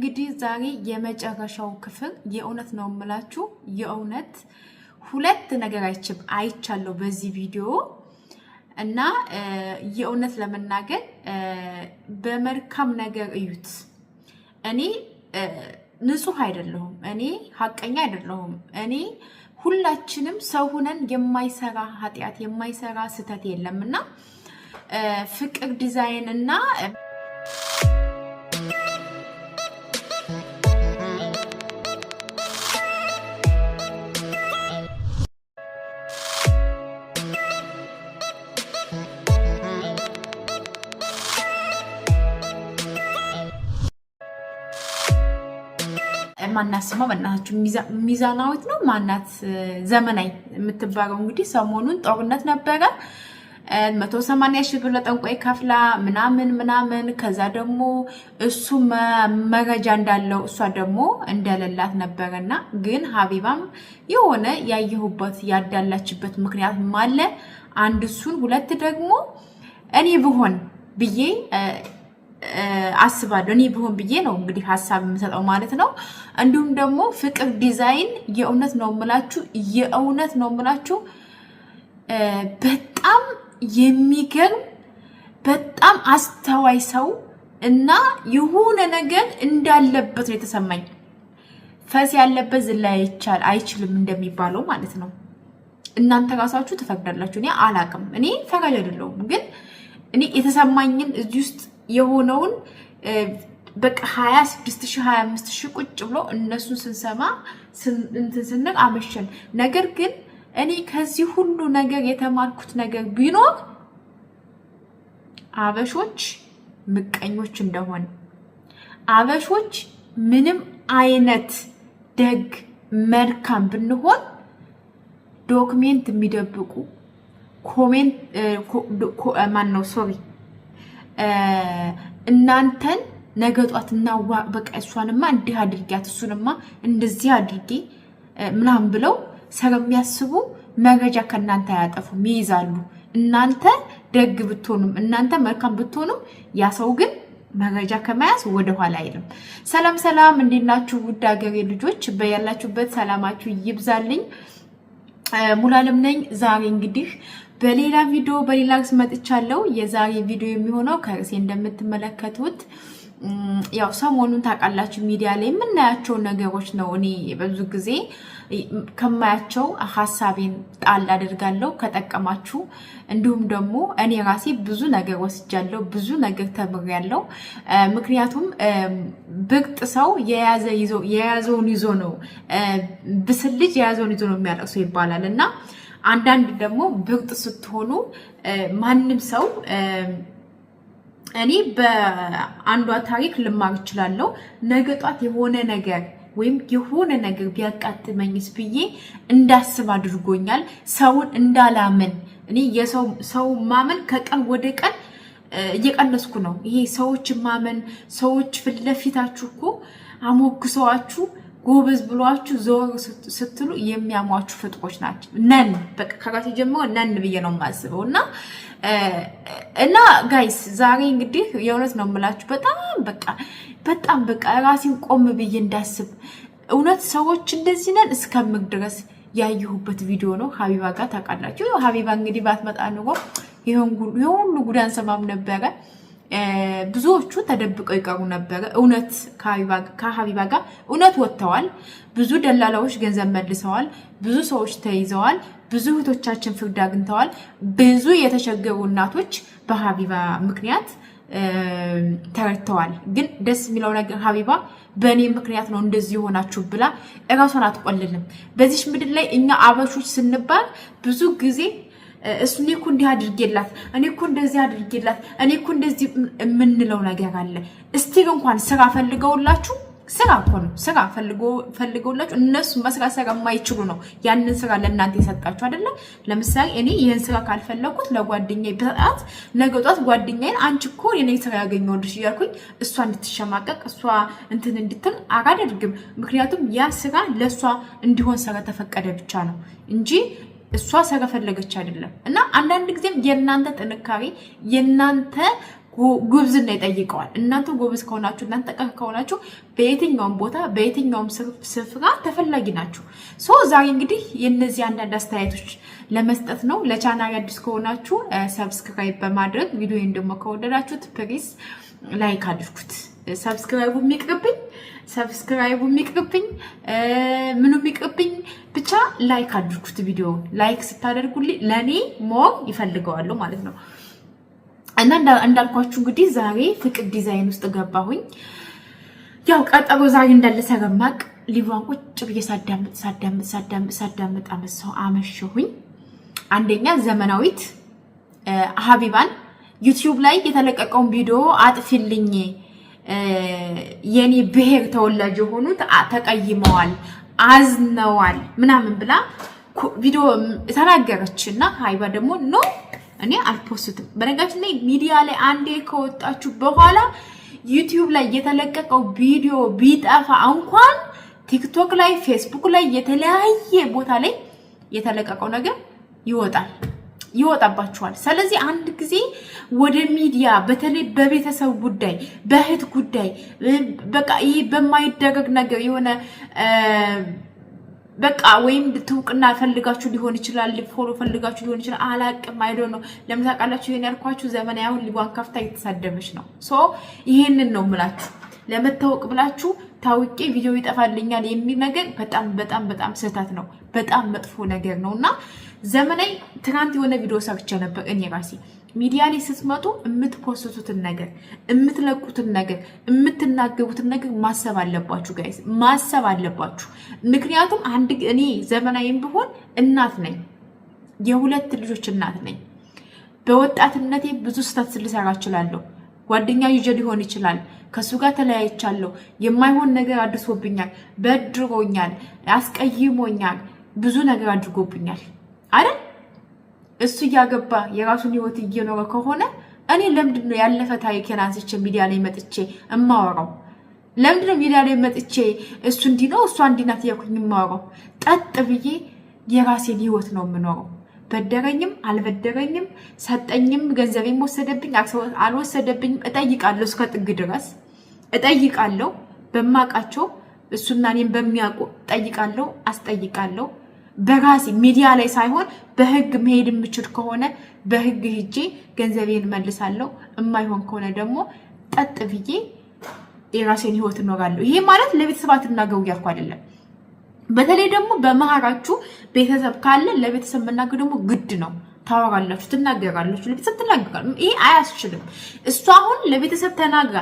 እንግዲህ ዛሬ የመጨረሻው ክፍል የእውነት ነው የምላችሁ። የእውነት ሁለት ነገር አይችም አይቻለሁ በዚህ ቪዲዮ እና የእውነት ለመናገር በመልካም ነገር እዩት። እኔ ንጹህ አይደለሁም፣ እኔ ሀቀኛ አይደለሁም። እኔ ሁላችንም ሰው ሁነን የማይሰራ ኃጢአት የማይሰራ ስህተት የለም እና ፍቅር ዲዛይን እና ማናስማ በእናታችሁ ሚዛናዊት ነው ማናት ዘመናዊ የምትባለው እንግዲህ ሰሞኑን ጦርነት ነበረ። መቶ ሰማንያ ሺህ ብር ለጠንቋይ ከፍላ ምናምን ምናምን ከዛ ደግሞ እሱ መረጃ እንዳለው እሷ ደግሞ እንደሌላት ነበረና ግን ሀቢባም የሆነ ያየሁበት ያዳላችበት ምክንያት አለ። አንድ እሱን፣ ሁለት ደግሞ እኔ ብሆን ብዬ አስባለሁ እኔ በሆን ብዬ ነው እንግዲህ ሀሳብ የምሰጠው ማለት ነው። እንዲሁም ደግሞ ፍቅር ዲዛይን የእውነት ነው ምላችሁ፣ የእውነት ነው የምላችሁ በጣም የሚገርም በጣም አስተዋይ ሰው እና የሆነ ነገር እንዳለበት ነው የተሰማኝ። ፈስ ያለበት ዝላ ይቻል አይችልም እንደሚባለው ማለት ነው። እናንተ ራሳችሁ ትፈቅዳላችሁ። እኔ አላቅም፣ እኔ ፈቃጅ አይደለሁም። ግን እኔ የተሰማኝን እዚህ ውስጥ የሆነውን በቃ 26 ሺህ 25 ሺህ ቁጭ ብሎ እነሱን ስንሰማ እንትን ስንል አመሸን። ነገር ግን እኔ ከዚህ ሁሉ ነገር የተማርኩት ነገር ቢኖር አበሾች ምቀኞች እንደሆን አበሾች ምንም አይነት ደግ መልካም ብንሆን ዶክሜንት የሚደብቁ ኮሜንት ማን ነው ሶሪ እናንተን ነገ ጧት እና በቃ እሷንማ እንዲህ አድርጊያት እሱንማ እንደዚህ አድርጌ ምናምን ብለው ስለሚያስቡ መረጃ ከእናንተ አያጠፉም፣ ይይዛሉ። እናንተ ደግ ብትሆኑም እናንተ መልካም ብትሆኑም ያ ሰው ግን መረጃ ከመያዝ ወደኋላ አይልም። ሰላም ሰላም፣ እንዴት ናችሁ ውድ ሀገሬ ልጆች? በያላችሁበት ሰላማችሁ ይብዛልኝ። ሙሉዓለም ነኝ። ዛሬ እንግዲህ በሌላ ቪዲዮ በሌላ ርዕስ መጥቻለሁ። የዛሬ ቪዲዮ የሚሆነው ከርዕሴ እንደምትመለከቱት ያው ሰሞኑን ታውቃላችሁ ሚዲያ ላይ የምናያቸው ነገሮች ነው። እኔ በብዙ ጊዜ ከማያቸው ሀሳቤን ጣል አድርጋለሁ። ከጠቀማችሁ እንዲሁም ደግሞ እኔ ራሴ ብዙ ነገር ወስጃለሁ፣ ብዙ ነገር ተምሬያለሁ። ምክንያቱም ብርጥ ሰው የያዘውን ይዞ ነው ብስል ልጅ የያዘውን ይዞ ነው የሚያለቅሰው ይባላል እና አንዳንድ ደግሞ ብቅጥ ስትሆኑ ማንም ሰው እኔ በአንዷ ታሪክ ልማር እችላለሁ። ነገ ጧት የሆነ ነገር ወይም የሆነ ነገር ቢያቃጥመኝስ ብዬ እንዳስብ አድርጎኛል። ሰውን እንዳላምን እኔ ሰው ማመን ከቀን ወደ ቀን እየቀነስኩ ነው። ይሄ ሰዎች ማመን ሰዎች ፊት ለፊታችሁ እኮ አሞግሰዋችሁ ጎበዝ ብሏችሁ ዘወር ስትሉ የሚያሟችሁ ፍጥሮች ናቸው። ነን ከራሴ ጀምሮ ነን ብዬ ነው የማስበው። እና እና ጋይስ ዛሬ እንግዲህ የእውነት ነው የምላችሁ በጣም በቃ በጣም በቃ ራሴን ቆም ብዬ እንዳስብ እውነት ሰዎች እንደዚህ ነን እስከምግ ድረስ ያየሁበት ቪዲዮ ነው። ሀቢባ ጋር ታውቃላችሁ። ሀቢባ እንግዲህ ባትመጣ ኑሮ ይሁን ጉዳን ሰማም ነበረ። ብዙዎቹ ተደብቀው ይቀሩ ነበረ። እውነት ከሀቢባ ጋር እውነት ወጥተዋል። ብዙ ደላላዎች ገንዘብ መልሰዋል። ብዙ ሰዎች ተይዘዋል። ብዙ እህቶቻችን ፍርድ አግኝተዋል። ብዙ የተቸገሩ እናቶች በሀቢባ ምክንያት ተረድተዋል። ግን ደስ የሚለው ነገር ሀቢባ በእኔ ምክንያት ነው እንደዚህ የሆናችሁ ብላ እራሷን አትቆልልም። በዚች ምድር ላይ እኛ አበሾች ስንባል ብዙ ጊዜ እሱ እኔ እኮ እንዲህ አድርጌላት እኔ እኮ እንደዚህ አድርጌላት እኔ እኮ እንደዚህ የምንለው ነገር አለ። እስቲል እንኳን ስራ ፈልገውላችሁ ስራ እኮ ነው ስራ ፈልገውላችሁ እነሱ መስራት ስራ የማይችሉ ነው ያንን ስራ ለእናንተ የሰጣችሁ አይደለም። ለምሳሌ እኔ ይህን ስራ ካልፈለኩት ለጓደኛ ብሰጣት ነገ ጧት ጓደኛዬን አንቺ እኮ የኔ ስራ ያገኘሁልሽ እያልኩኝ እሷ እንድትሸማቀቅ እሷ እንትን እንድትል አላደርግም። ምክንያቱም ያ ስራ ለእሷ እንዲሆን ስራ ተፈቀደ ብቻ ነው እንጂ እሷ ስለፈለገች አይደለም። እና አንዳንድ ጊዜም የእናንተ ጥንካሬ የእናንተ ጉብዝና ይጠይቀዋል። እናንተ ጉብዝ ከሆናችሁ እናንተ ጠንካራ ከሆናችሁ በየትኛውም ቦታ በየትኛውም ስፍራ ተፈላጊ ናችሁ። ሶ ዛሬ እንግዲህ የእነዚህ አንዳንድ አስተያየቶች ለመስጠት ነው። ለቻናል አዲስ ከሆናችሁ ሰብስክራይብ በማድረግ ቪዲዮን ደግሞ ከወደዳችሁት ፕሪስ ላይክ አድርጉት። ሰብስክራይቡ የሚቅርብኝ ሰብስክራይቡ የሚቅርብኝ ምኑ የሚቅርብኝ ብቻ ላይክ አድርጉት። ቪዲዮ ላይክ ስታደርጉልኝ ለእኔ ሞር ይፈልገዋሉ ማለት ነው። እና እንዳልኳችሁ እንግዲህ ዛሬ ፍቅር ዲዛይን ውስጥ ገባሁኝ። ያው ቀጠሮ ዛሬ እንዳለ ሰረማቅ ሊቫን ቁጭ ብዬ ሳዳምጥ ሳዳምጥ ሳዳምጥ ሳዳምጥ አመሰው አመሸሁኝ። አንደኛ ዘመናዊት ሀቢባን ዩቲዩብ ላይ የተለቀቀውን ቪዲዮ አጥፊልኝ የኔ ብሔር ተወላጅ የሆኑት ተቀይመዋል አዝነዋል ምናምን ብላ ቪዲዮ ተናገረች እና ሀይባ ደግሞ ኖ እኔ አልፖስትም። በነገራችን ላይ ሚዲያ ላይ አንዴ ከወጣችሁ በኋላ ዩቲዩብ ላይ የተለቀቀው ቪዲዮ ቢጠፋ እንኳን ቲክቶክ ላይ፣ ፌስቡክ ላይ የተለያየ ቦታ ላይ የተለቀቀው ነገር ይወጣል። ይወጣባችኋል። ስለዚህ አንድ ጊዜ ወደ ሚዲያ በተለይ በቤተሰብ ጉዳይ፣ በእህት ጉዳይ በቃ ይህ በማይደገግ ነገር የሆነ በቃ ወይም ትውቅና ፈልጋችሁ ሊሆን ይችላል፣ ፎሎ ፈልጋችሁ ሊሆን ይችላል። አላቅም አይዶ ነው ለምታውቃላችሁ። ይሄን ያልኳችሁ ዘመናዊ አሁን ሊቧን ከፍታ እየተሳደበች ነው። ሶ ይሄንን ነው ምላችሁ ለመታወቅ ብላችሁ ታውቄ ቪዲዮ ይጠፋልኛል የሚል ነገር በጣም በጣም በጣም ስህተት ነው። በጣም መጥፎ ነገር ነው እና ዘመናዊ ትናንት የሆነ ቪዲዮ ሰርቼ ነበር እኔ ራሴ ሚዲያ ላይ ስትመጡ የምትፖስቱትን ነገር የምትለቁትን ነገር የምትናገሩትን ነገር ማሰብ አለባችሁ ጋይስ፣ ማሰብ አለባችሁ። ምክንያቱም አንድ እኔ ዘመናዊም ብሆን እናት ነኝ፣ የሁለት ልጆች እናት ነኝ። በወጣትነቴ ብዙ ስህተት ልሰራ እችላለሁ። ጓደኛ ይዤ ሊሆን ይችላል። ከእሱ ጋር ተለያይቻለሁ። የማይሆን ነገር አድርሶብኛል፣ በድሮኛል፣ አስቀይሞኛል፣ ብዙ ነገር አድርጎብኛል አይደል? እሱ እያገባ የራሱን ህይወት እየኖረ ከሆነ እኔ ለምንድን ነው ያለፈ ታሪኬን አንስቼ ሚዲያ ላይ መጥቼ እማወራው? ለምንድን ነው ሚዲያ ላይ መጥቼ እሱ እንዲህ ነው እሷ እንዲህ ናት እያልኩኝ ጠጥ ብዬ የራሴን ህይወት ነው የምኖረው። በደረኝም አልበደረኝም፣ ሰጠኝም፣ ገንዘቤም ወሰደብኝ አልወሰደብኝም፣ እጠይቃለሁ። እስከ ጥግ ድረስ እጠይቃለሁ። በማውቃቸው እሱና እኔም በሚያውቁ እጠይቃለሁ፣ አስጠይቃለሁ። በራሴ ሚዲያ ላይ ሳይሆን በህግ መሄድ የምችል ከሆነ በህግ ሂጄ ገንዘቤን መልሳለሁ። እማይሆን ከሆነ ደግሞ ጠጥ ብዬ የራሴን ህይወት እኖራለሁ። ይሄ ማለት ለቤተሰባት አትናገሩ እያልኩ አይደለም። በተለይ ደግሞ በመሀላችሁ ቤተሰብ ካለ ለቤተሰብ መናገር ደግሞ ግድ ነው። ታወራላችሁ፣ ትናገራላችሁ፣ ለቤተሰብ ትናገራላችሁ። ይሄ አያስችልም። እሷ አሁን ለቤተሰብ ተናግራ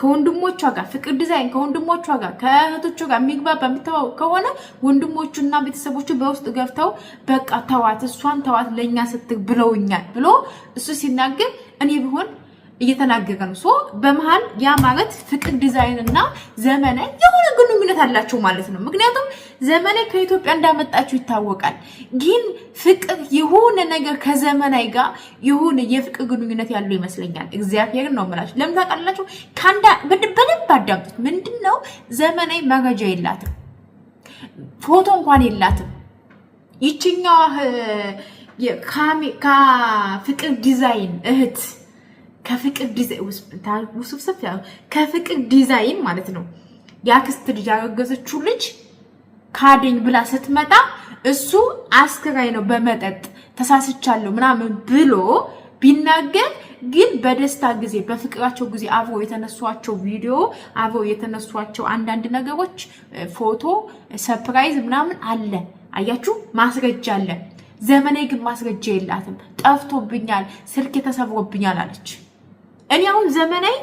ከወንድሞቿ ጋር ፍቅር ዲዛይን ከወንድሞቿ ጋር ከእህቶቹ ጋር የሚግባባ የሚተዋወቅ ከሆነ ወንድሞቹና ቤተሰቦቹ በውስጥ ገብተው በቃ ተዋት፣ እሷን ተዋት፣ ለእኛ ስትል ብለውኛል ብሎ እሱ ሲናገር እኔ ቢሆን እየተናገረ ነው። ሶ በመሃል ያ ማለት ፍቅር ዲዛይን እና ዘመነ የሆነ ግንኙነት አላቸው ማለት ነው። ምክንያቱም ዘመናዊ ከኢትዮጵያ እንዳመጣችሁ ይታወቃል። ግን ፍቅር የሆነ ነገር ከዘመናዊ ጋር የሆነ የፍቅር ግንኙነት ያለው ይመስለኛል። እግዚአብሔር ነው የምላችሁ። ለምን ታውቃላችሁ? በደንብ አዳምጡት። ምንድን ነው ዘመናዊ መረጃ የላትም፣ ፎቶ እንኳን የላትም። ይችኛዋ ከፍቅር ዲዛይን እህት ከፍቅር ውስብስብ ከፍቅር ዲዛይን ማለት ነው። የአክስት ልጅ ያረገዘችው ልጅ ካደኝ ብላ ስትመጣ እሱ አስክራይ ነው በመጠጥ ተሳስቻለሁ ምናምን ብሎ ቢናገር ግን በደስታ ጊዜ በፍቅራቸው ጊዜ አብረው የተነሷቸው ቪዲዮ አብረው የተነሷቸው አንዳንድ ነገሮች ፎቶ፣ ሰፕራይዝ ምናምን አለ። አያችሁ፣ ማስረጃ አለ። ዘመኔ ግን ማስረጃ የላትም። ጠፍቶብኛል፣ ስልክ ተሰብሮብኛል አለች። እኔ አሁን ዘመናዊ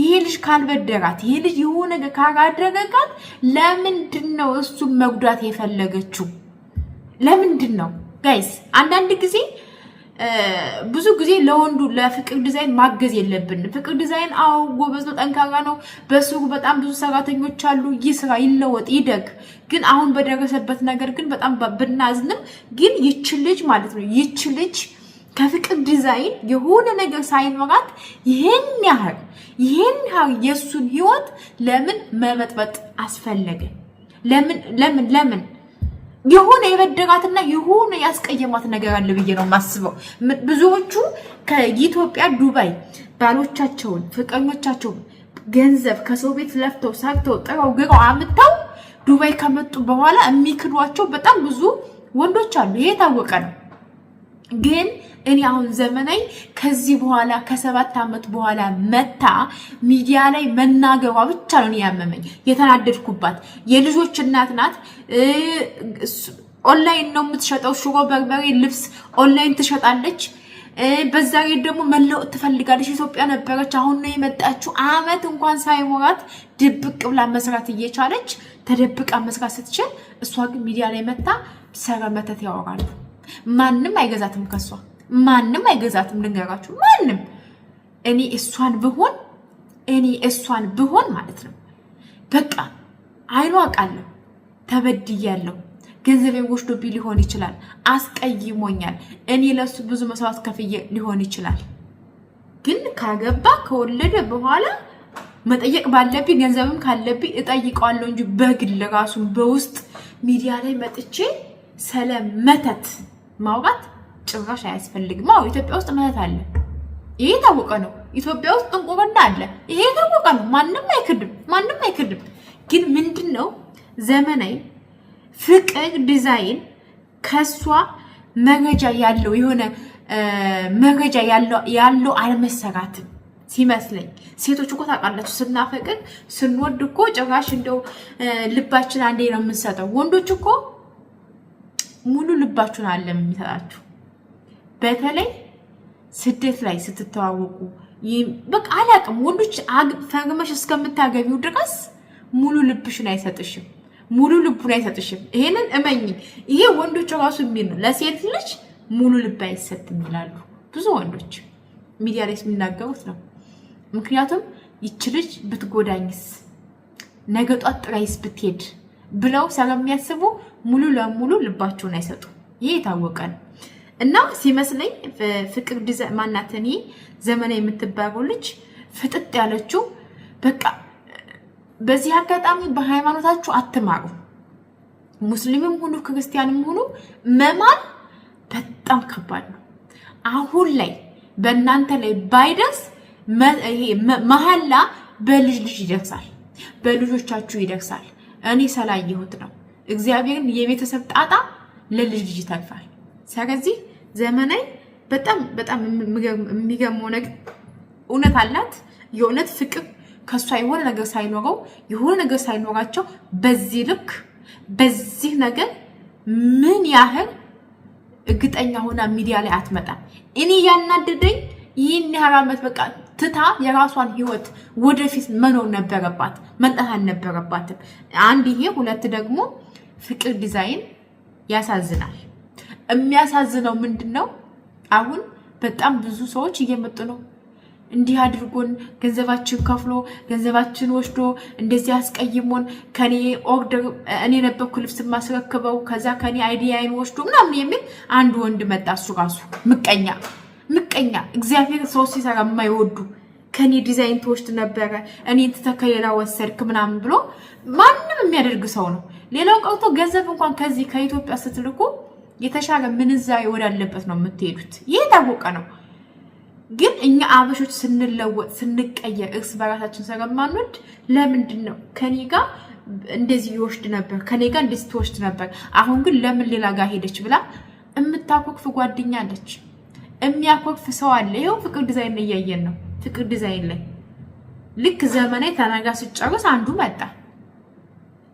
ይሄ ልጅ ካልበደራት ይሄ ልጅ የሆነ ነገር ካላደረጋት ለምንድን ነው እሱን መጉዳት የፈለገችው? ለምንድን ነው ጋይስ? አንዳንድ ጊዜ ብዙ ጊዜ ለወንዱ ለፍቅር ዲዛይን ማገዝ የለብንም። ፍቅር ዲዛይን አዎ ጎበዝ ነው፣ ጠንካራ ነው። በስሩ በጣም ብዙ ሰራተኞች አሉ። ይስራ፣ ይለወጥ፣ ይደግ። ግን አሁን በደረሰበት ነገር ግን በጣም ብናዝንም ግን ይች ልጅ ማለት ነው ይች ልጅ ከፍቅር ዲዛይን የሆነ ነገር ሳይኖራት ይህን ያህል ይህን ያህል የእሱን ህይወት ለምን መበጥበጥ አስፈለገ? ለምን ለምን ለምን የሆነ የበደራትና የሆነ ያስቀየማት ነገር አለ ብዬ ነው የማስበው። ብዙዎቹ ከኢትዮጵያ ዱባይ ባሎቻቸውን፣ ፍቅረኞቻቸውን ገንዘብ ከሰው ቤት ለፍተው ሰርተው ጥረው ግረው አምጥተው ዱባይ ከመጡ በኋላ የሚክዷቸው በጣም ብዙ ወንዶች አሉ። ይሄ የታወቀ ነው። ግን እኔ አሁን ዘመናይ ከዚህ በኋላ ከሰባት ዓመት በኋላ መታ ሚዲያ ላይ መናገሯ ብቻ ነው ያመመኝ፣ የተናደድኩባት። የልጆች እናት ናት። ኦንላይን ነው የምትሸጠው፣ ሽሮ፣ በርበሬ፣ ልብስ ኦንላይን ትሸጣለች። በዛ ላይ ደግሞ መለወጥ ትፈልጋለች። ኢትዮጵያ ነበረች፣ አሁን ነው የመጣችው። አመት እንኳን ሳይሞራት ድብቅ ብላ መስራት እየቻለች ተደብቃ መስራት ስትችል፣ እሷ ግን ሚዲያ ላይ መታ ሰረመተት ያወራል። ማንም አይገዛትም፣ ከሷ ማንም አይገዛትም። ልንገራችሁ ማንም እኔ እሷን ብሆን እኔ እሷን ብሆን ማለት ነው በቃ አይኗ አውቃለሁ፣ ተበድያለሁ፣ ገንዘቤ ወስዶብኝ ሊሆን ይችላል፣ አስቀይሞኛል፣ እኔ ለሱ ብዙ መስዋዕት ከፍዬ ሊሆን ይችላል። ግን ካገባ ከወለደ በኋላ መጠየቅ ባለብኝ ገንዘብም ካለብኝ እጠይቀዋለሁ እንጂ በግል ራሱን በውስጥ ሚዲያ ላይ መጥቼ ሰለ መተት ማውራት ጭራሽ አያስፈልግም። አዎ ኢትዮጵያ ውስጥ ምህት አለ፣ ይሄ የታወቀ ነው። ኢትዮጵያ ውስጥ ጥንቁርና አለ፣ ይሄ የታወቀ ነው። ማንም አይክድም፣ ማንም አይክድም። ግን ምንድን ነው ዘመናዊ ፍቅር ዲዛይን ከእሷ መረጃ ያለው የሆነ መረጃ ያለው አልመሰራትም ሲመስለኝ። ሴቶች እኮ ታውቃላችሁ፣ ስናፈቅን ስንወድ እኮ ጭራሽ እንደው ልባችን አንዴ ነው የምንሰጠው። ወንዶች እኮ ሙሉ ልባችሁን አለም የሚሰጣችሁ በተለይ ስደት ላይ ስትተዋወቁ በቃ አላቅም ወንዶች ፈግመሽ እስከምታገቢው ድረስ ሙሉ ልብሽን አይሰጥሽም፣ ሙሉ ልቡን አይሰጥሽም። ይሄንን እመኝ። ይሄ ወንዶች ራሱ የሚል ነው። ለሴት ልጅ ሙሉ ልብ አይሰጥም ይላሉ ብዙ ወንዶች ሚዲያ ላይ የሚናገሩት ነው። ምክንያቱም ይች ልጅ ብትጎዳኝስ፣ ነገ ጧት ጥላይስ ብትሄድ ብለው ስለሚያስቡ ሙሉ ለሙሉ ልባቸውን አይሰጡም። ይህ የታወቀ ነው እና ሲመስለኝ ፍቅር ማናትን ዘመናዊ የምትባለው ልጅ ፍጥጥ ያለችው በቃ በዚህ አጋጣሚ በሃይማኖታችሁ አትማሩ። ሙስሊምም ሁኑ ክርስቲያንም ሁኑ መማር በጣም ከባድ ነው። አሁን ላይ በእናንተ ላይ ባይደርስ መሀላ በልጅ ልጅ ይደርሳል፣ በልጆቻችሁ ይደርሳል። እኔ ሰላየሁት ነው። እግዚአብሔርን የቤተሰብ ጣጣ ለልጅ ልጅ ይተርፋል። ስለዚህ ዘመናዊ በጣም በጣም የሚገርመው ነገር እውነት አላት። የእውነት ፍቅር ከእሷ የሆነ ነገር ሳይኖረው የሆነ ነገር ሳይኖራቸው በዚህ ልክ በዚህ ነገር ምን ያህል እርግጠኛ ሆና ሚዲያ ላይ አትመጣም። እኔ ያናደደኝ ይህን ያህል ዓመት በቃ ትታ የራሷን ህይወት ወደፊት መኖር ነበረባት፣ መምጣት አልነበረባትም። አንድ ይሄ፣ ሁለት ደግሞ ፍቅር ዲዛይን ያሳዝናል። የሚያሳዝነው ምንድን ነው? አሁን በጣም ብዙ ሰዎች እየመጡ ነው እንዲህ አድርጎን ገንዘባችን ከፍሎ ገንዘባችን ወስዶ እንደዚህ አስቀይሞን ከኔ ኦርደር እኔ ነበርኩ ልብስ ማስረክበው ከዛ ከኔ አይዲያይን ወስዶ ምናምን የሚል አንድ ወንድ መጣ። እሱ ራሱ ምቀኛ ምቀኛ እግዚአብሔር ሰው ሲሰራ የማይወዱ ከኔ ዲዛይን ተወስድ ነበረ እኔ ተከሌላ ወሰድክ ምናምን ብሎ ማንም የሚያደርግ ሰው ነው። ሌላው ቀርቶ ገንዘብ እንኳን ከዚህ ከኢትዮጵያ ስትልኩ የተሻለ ምንዛሬ ወዳለበት ነው የምትሄዱት። ይህ የታወቀ ነው። ግን እኛ አበሾች ስንለወጥ ስንቀየር እርስ በራሳችን ስለማንወድ ለምንድን ነው ከኔ ጋር እንደዚህ ይወሽድ ነበር ከኔ ጋር እንደዚህ ትወሽድ ነበር፣ አሁን ግን ለምን ሌላ ጋር ሄደች ብላ የምታኮክፍ ጓደኛ አለች። የሚያኮርፍ ሰው አለ። ይኸው ፍቅር ዲዛይን ላይ እያየን ነው። ፍቅር ዲዛይን ላይ ልክ ዘመናዊ ተናጋ ስጨርስ አንዱ መጣ።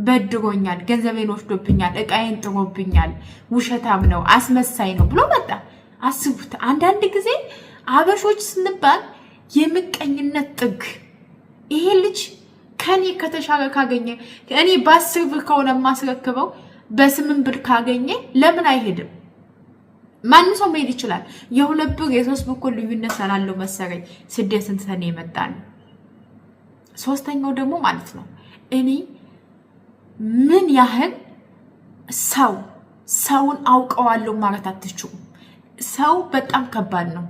በድሮኛል፣ ገንዘቤን ወስዶብኛል፣ እቃዬን ጥሮብኛል፣ ውሸታም ነው፣ አስመሳይ ነው ብሎ መጣ። አስቡት። አንዳንድ ጊዜ አበሾች ስንባል የምቀኝነት ጥግ ይሄ ልጅ ከኔ ከተሻለ ካገኘ እኔ በአስር ብር ከሆነ የማስረክበው በስምንት ብር ካገኘ ለምን አይሄድም? ማንም ሰው መሄድ ይችላል። የሁለቱ የሶስት በኩል ልዩነት ስላለው መሰረኝ ስደትን ሰኔ የመጣ ነው። ሶስተኛው ደግሞ ማለት ነው እኔ ምን ያህል ሰው ሰውን አውቀዋለሁ ማለት አትችሉም። ሰው በጣም ከባድ ነው።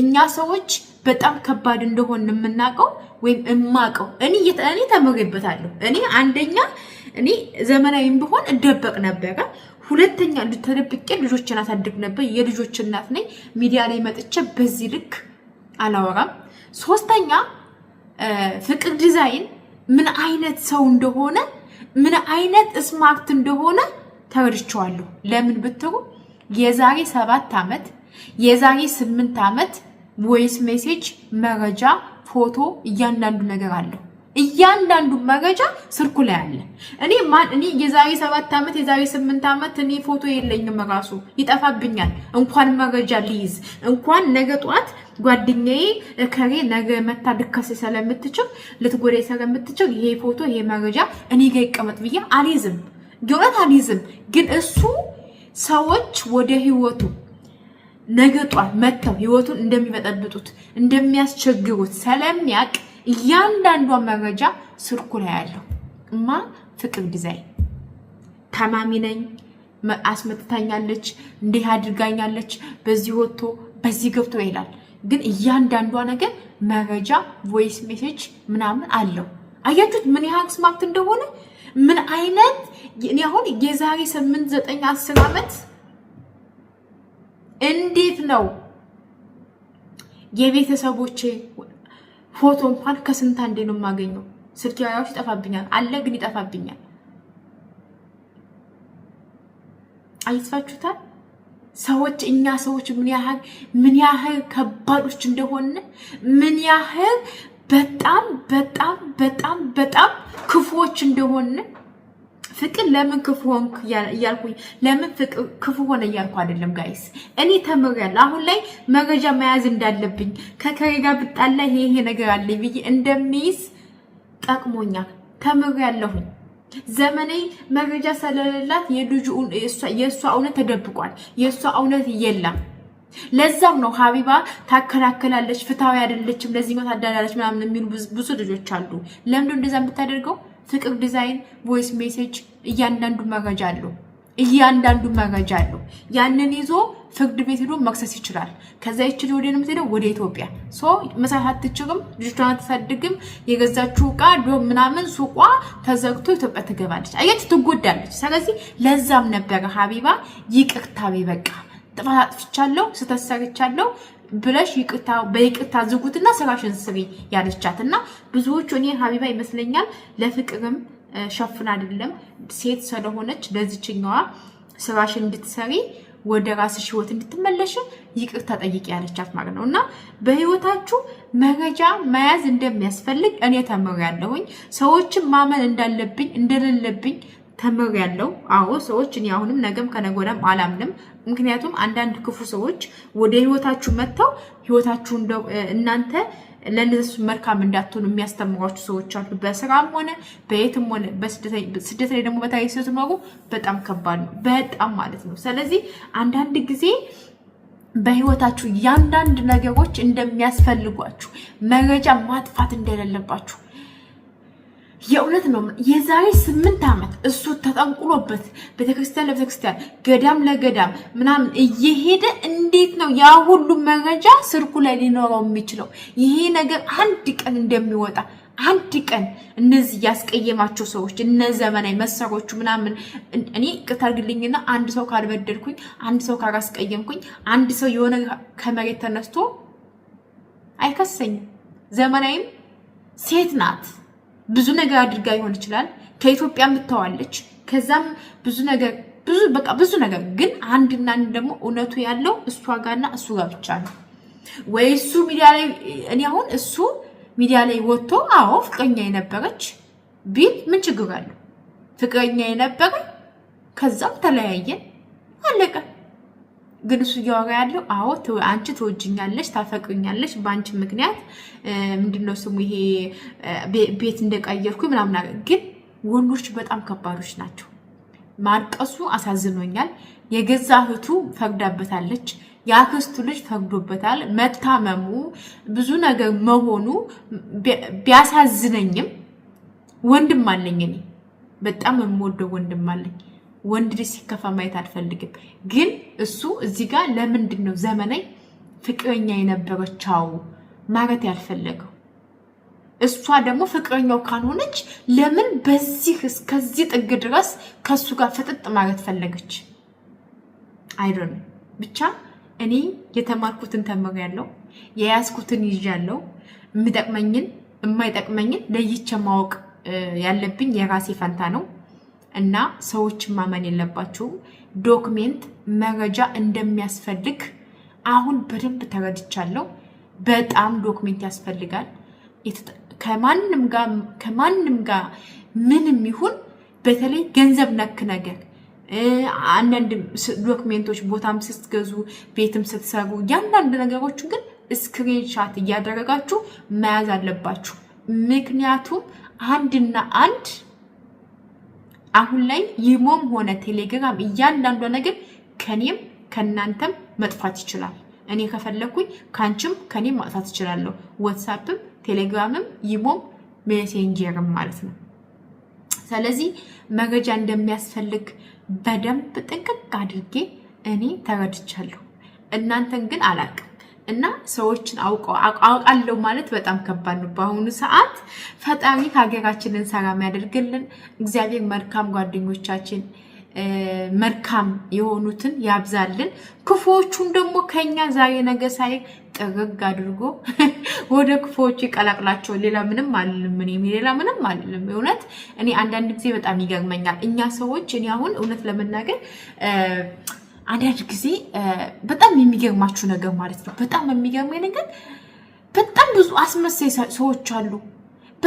እኛ ሰዎች በጣም ከባድ እንደሆን የምናውቀው ወይም እማቀው እኔ እኔ ተምሬበታለሁ። እኔ አንደኛ እኔ ዘመናዊም ብሆን እደበቅ ነበረ። ሁለተኛ ተደብቄ ልጆችን አሳድግ ነበር። የልጆች እናት ነኝ። ሚዲያ ላይ መጥቼ በዚህ ልክ አላወራም። ሶስተኛ ፍቅር ዲዛይን ምን አይነት ሰው እንደሆነ ምን አይነት ስማርት እንደሆነ ተረድቼዋለሁ። ለምን ብትሩ የዛሬ ሰባት ዓመት የዛሬ ስምንት ዓመት ቮይስ ሜሴጅ፣ መረጃ፣ ፎቶ እያንዳንዱ ነገር አለው። እያንዳንዱ መረጃ ስልኩ ላይ አለ። እኔ ማን እኔ የዛሬ ሰባት ዓመት የዛሬ ስምንት ዓመት እኔ ፎቶ የለኝም ራሱ ይጠፋብኛል። እንኳን መረጃ ሊይዝ እንኳን ነገ ጠዋት ጓደኛዬ እከሬ ነገ መታ ልከሴ ስለምትችል ልትጎዳ ስለምትችል ይሄ ፎቶ ይሄ መረጃ እኔ ጋ ይቀመጥ ብዬ አልይዝም። የእውነት አልይዝም። ግን እሱ ሰዎች ወደ ህይወቱ ነገ ጧት መጥተው ህይወቱን እንደሚበጠብጡት እንደሚያስቸግሩት ስለሚያቅ እያንዳንዷን መረጃ ስልኩ ላይ ያለው እማ ፍቅር ዲዛይን ታማሚ ነኝ፣ አስመትታኛለች፣ እንዲህ አድርጋኛለች፣ በዚህ ወጥቶ በዚህ ገብቶ ይላል። ግን እያንዳንዷ ነገር መረጃ፣ ቮይስ ሜሴጅ ምናምን አለው። አያችሁት ምን ያህል ስማርት እንደሆነ ምን አይነት አሁን የዛሬ ስምንት ዘጠኝ አስር ዓመት እንዴት ነው የቤተሰቦቼ ፎቶ እንኳን ከስንት አንዴ ነው የማገኘው። ስልክ ያዎች ይጠፋብኛል፣ አለ ግን ይጠፋብኛል። አይስፋችሁታል ሰዎች እኛ ሰዎች ምን ያህል ምን ያህል ከባዶች እንደሆነ ምን ያህል በጣም በጣም በጣም በጣም ክፉዎች እንደሆነ ፍቅር ለምን ክፉ ሆንክ እያልኩኝ ለምን ፍቅር ክፉ ሆነ እያልኩ አይደለም ጋይስ። እኔ ተምሬያለሁ። አሁን ላይ መረጃ መያዝ እንዳለብኝ ከከሬ ጋር ብጣላ ይሄ ይሄ ነገር አለ ብዬ እንደሚይዝ ጠቅሞኛል። ተምሬያለሁኝ። ዘመኔ መረጃ ስለሌላት የልጁ የእሷ እውነት ተደብቋል። የእሷ እውነት የለም። ለዛም ነው ሀቢባ ታከላከላለች፣ ፍትሃዊ አይደለችም፣ ለዚህ ነው አዳዳለች ምናምን የሚሉ ብዙ ልጆች አሉ። ለምንድ እንደዛ የምታደርገው? ፍቅር ዲዛይን ቮይስ ሜሴጅ እያንዳንዱ መረጃ አለው እያንዳንዱ መረጃ አለው። ያንን ይዞ ፍርድ ቤት ሄዶ መክሰስ ይችላል። ከዛ ይችል ወደ ነው ሄደው ወደ ኢትዮጵያ ሶ መስራት አትችልም፣ ልጅቷን አትሳድግም። የገዛችው ዕቃ ዶም ምናምን ሱቋ ተዘግቶ ኢትዮጵያ ትገባለች። አያችሁ ትጎዳለች። ስለዚህ ለዛም ነበረ ሀቢባ ይቅርታ በቃ ጥፋት አጥፍቻለሁ፣ ስህተት ሰርቻለሁ ብለሽ በይቅርታ ዝጉትና ስራሽን ስሪ ያለቻት እና ብዙዎቹ እኔ ሀቢባ ይመስለኛል ለፍቅርም ሸፍን አይደለም ሴት ስለሆነች ለዚችኛዋ ስራሽ እንድትሰሪ ወደ ራስሽ ህይወት እንድትመለሽ ይቅርታ ጠይቂ ያለቻት ማለት ነው። እና በህይወታችሁ መረጃ መያዝ እንደሚያስፈልግ እኔ ተምሬያለሁኝ። ሰዎችን ማመን እንዳለብኝ እንደሌለብኝ ተምሬያለሁ። አዎ ሰዎች እኔ አሁንም ነገም ከነገ ወዲያም አላምንም። ምክንያቱም አንዳንድ ክፉ ሰዎች ወደ ህይወታችሁ መጥተው ህይወታችሁ እናንተ ለነሱ መልካም እንዳትሆኑ የሚያስተምሯችሁ ሰዎች አሉ። በስራም ሆነ በየትም ሆነ ስደት ላይ ደግሞ በታይ ስትኖሩ በጣም ከባድ ነው፣ በጣም ማለት ነው። ስለዚህ አንዳንድ ጊዜ በህይወታችሁ እያንዳንድ ነገሮች እንደሚያስፈልጓችሁ መረጃ ማጥፋት እንደሌለባችሁ የእውነት ነው። የዛሬ ስምንት ዓመት እሱ ተጠንቁሎበት ቤተክርስቲያን ለቤተክርስቲያን ገዳም ለገዳም ምናምን እየሄደ እንዴት ነው ያ ሁሉ መረጃ ስልኩ ላይ ሊኖረው የሚችለው? ይሄ ነገር አንድ ቀን እንደሚወጣ አንድ ቀን እነዚህ ያስቀየማቸው ሰዎች እነ ዘመናዊ መሰሮቹ ምናምን እኔ ቅርታ አድርግልኝና አንድ ሰው ካልበደልኩኝ፣ አንድ ሰው ካላስቀየምኩኝ፣ አንድ ሰው የሆነ ከመሬት ተነስቶ አይከሰኝም። ዘመናዊም ሴት ናት ብዙ ነገር አድርጋ ይሆን ይችላል። ከኢትዮጵያ ምተዋለች። ከዛም ብዙ ነገር ብዙ በቃ ብዙ ነገር ግን አንድና አንድ ደግሞ እውነቱ ያለው እሷ ጋርና እሱ ጋር ብቻ ነው ወይ እሱ ሚዲያ ላይ እኔ አሁን እሱ ሚዲያ ላይ ወጥቶ አዎ ፍቅረኛ የነበረች ቢል ምን ችግር አለው? ፍቅረኛ የነበረ ከዛም ተለያየን አለቀን። ግን እሱ እያወራ ያለው አዎ አንቺ ትወጅኛለሽ፣ ታፈቅኛለሽ በአንቺ ምክንያት ምንድነው ስሙ ይሄ ቤት እንደቀየርኩ ምናምን። ግን ወንዶች በጣም ከባዶች ናቸው። ማልቀሱ አሳዝኖኛል። የገዛ እህቱ ፈቅዳበታለች፣ የአክስቱ ልጅ ፈቅዶበታል። መታመሙ ብዙ ነገር መሆኑ ቢያሳዝነኝም ወንድም አለኝ እኔ በጣም የምወደው ወንድም አለኝ። ወንድ ልጅ ሲከፋ ማየት አልፈልግም። ግን እሱ እዚህ ጋር ለምንድን ነው ዘመናዊ ፍቅረኛ የነበረቻው ማለት ያልፈለገው? እሷ ደግሞ ፍቅረኛው ካልሆነች ለምን በዚህ እስከዚህ ጥግ ድረስ ከእሱ ጋር ፍጥጥ ማለት ፈለገች? አይዶን ብቻ እኔ የተማርኩትን ተምር ያለው የያዝኩትን ይዥ ያለው የሚጠቅመኝን የማይጠቅመኝን ለይቼ ማወቅ ያለብኝ የራሴ ፈንታ ነው። እና ሰዎች ማመን የለባችሁም። ዶክሜንት መረጃ እንደሚያስፈልግ አሁን በደንብ ተረድቻለሁ። በጣም ዶክሜንት ያስፈልጋል። ከማንም ጋር ምንም ይሁን በተለይ ገንዘብ ነክ ነገር አንዳንድ ዶክሜንቶች ቦታም ስትገዙ፣ ቤትም ስትሰሩ እያንዳንድ ነገሮች ግን ስክሪንሻት እያደረጋችሁ መያዝ አለባችሁ። ምክንያቱም አንድና አንድ አሁን ላይ ይሞም ሆነ ቴሌግራም እያንዳንዷ ነገር ከኔም ከእናንተም መጥፋት ይችላል። እኔ ከፈለግኩኝ ከአንቺም ከኔም ማጥፋት ይችላለሁ። ዋትሳፕም፣ ቴሌግራምም፣ ይሞም ሜሴንጀርም ማለት ነው። ስለዚህ መረጃ እንደሚያስፈልግ በደንብ ጥንቅቅ አድርጌ እኔ ተረድቻለሁ። እናንተን ግን አላቅም። እና ሰዎችን አውቃለሁ ማለት በጣም ከባድ ነው። በአሁኑ ሰዓት ፈጣሪ ከሀገራችንን ሰላም ያደርግልን። እግዚአብሔር መልካም ጓደኞቻችን መልካም የሆኑትን ያብዛልን፣ ክፉዎቹን ደግሞ ከኛ ዛሬ ነገ ሳይ ጥርግ አድርጎ ወደ ክፉዎቹ ይቀላቅላቸው። ሌላ ምንም አልልም፣ እኔም ሌላ ምንም አልልም። እውነት እኔ አንዳንድ ጊዜ በጣም ይገርመኛል እኛ ሰዎች እኔ አሁን እውነት ለመናገር አንዳንድ ጊዜ በጣም የሚገርማችሁ ነገር ማለት ነው። በጣም የሚገርመኝ ነገር በጣም ብዙ አስመሳይ ሰዎች አሉ።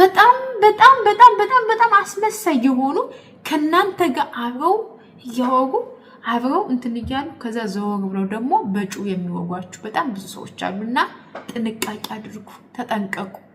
በጣም በጣም በጣም በጣም በጣም አስመሳይ የሆኑ ከእናንተ ጋር አብረው እያወጉ አብረው እንትን እያሉ ከዛ ዘወር ብለው ደግሞ በጩ የሚወጓችሁ በጣም ብዙ ሰዎች አሉ እና ጥንቃቄ አድርጉ፣ ተጠንቀቁ።